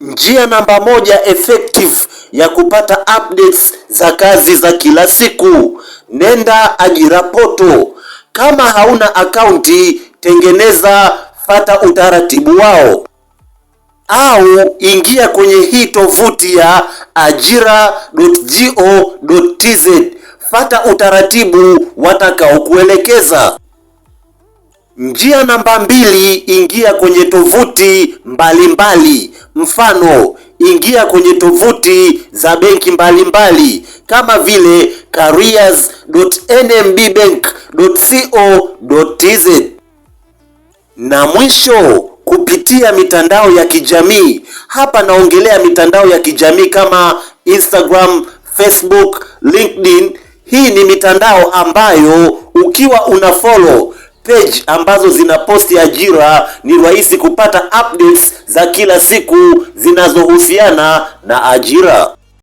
Njia namba moja effective ya kupata updates za kazi za kila siku, nenda ajira poto. Kama hauna akaunti, tengeneza, fata utaratibu wao, au ingia kwenye hii tovuti ya ajira.go.tz, fata utaratibu watakaokuelekeza. Njia namba mbili, ingia kwenye tovuti mbalimbali mbali. Mfano, ingia kwenye tovuti za benki mbalimbali kama vile careers.nmbbank.co.tz. Na mwisho kupitia mitandao ya kijamii. Hapa naongelea mitandao ya kijamii kama Instagram, Facebook, LinkedIn. Hii ni mitandao ambayo ukiwa una follow page ambazo zina posti ajira, ni rahisi kupata updates za kila siku zinazohusiana na ajira.